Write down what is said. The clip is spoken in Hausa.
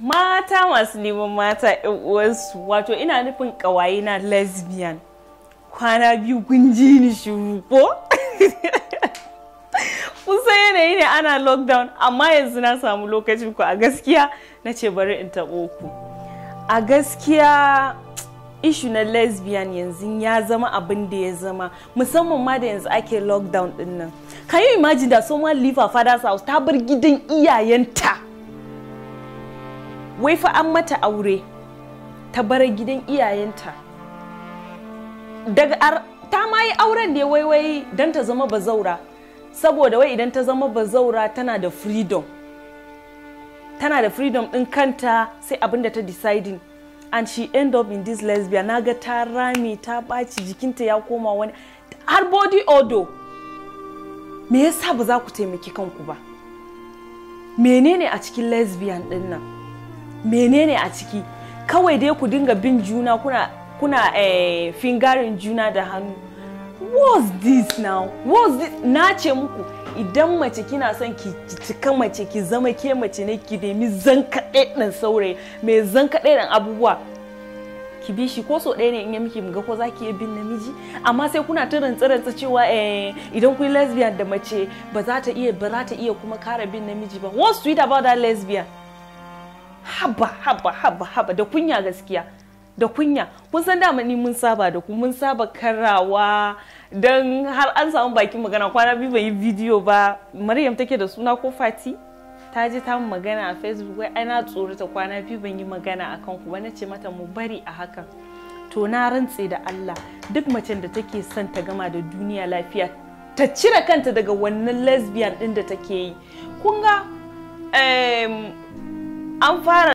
mata masu neman mata uwansu wato ina nufin kawaye na lesbian kwana biyu gunji ni shiru ko kusa yanayi ne ana lockdown amma yanzu na samu lokacin ku a gaskiya na ce bari in taɓo ku a gaskiya ishu na lesbian yanzu ya zama abin da ya zama musamman ma da yanzu ake lockdown ɗin nan can you imagine that someone leave her father's house ta bar gidan iyayenta wai fa an mata aure ta bar gidan iyayenta daga ta ma yi auren ne wai wai don ta zama bazaura saboda wai idan ta zama bazaura tana da freedom tana da freedom din kanta sai abinda ta deciding and she end up in this lesbian naga ta rami ta ɓaci jikinta ya koma wani har body odo me yasa ba za ku taimaki kanku ba menene a cikin lesbian din nan menene a ciki kawai dai ku dinga bin juna kuna kuna eh, fingarin juna da hannu what's this now what's this na ce muku idan mace kina son ki cika mace ki zama ke mace ne ki nemi zan ɗan saurayi mai zan ɗan abubuwa ki bi shi ko so ɗaya ne in ya miki ga ko za ki iya bin namiji amma sai kuna ta rantsa rantsa cewa eh, idan kun lesbian da mace ba za ta iya ba za ta iya kuma kara bin namiji ba what's sweet about that lesbian haba haba haba haba da kunya gaskiya da kunya kun san dama ni mun saba da ku mun saba karawa don har an samu bakin magana kwana biyu bai yi bidiyo ba maryam take da suna ko fati ta ji ta magana a facebook wai ana tsorata kwana biyu ban yi magana a kanku ba na ce mata mu bari a hakan to na rantse da allah duk macen da take son ta gama da duniya lafiya ta cire kanta daga wannan lesbian din da take yi kun ga an fara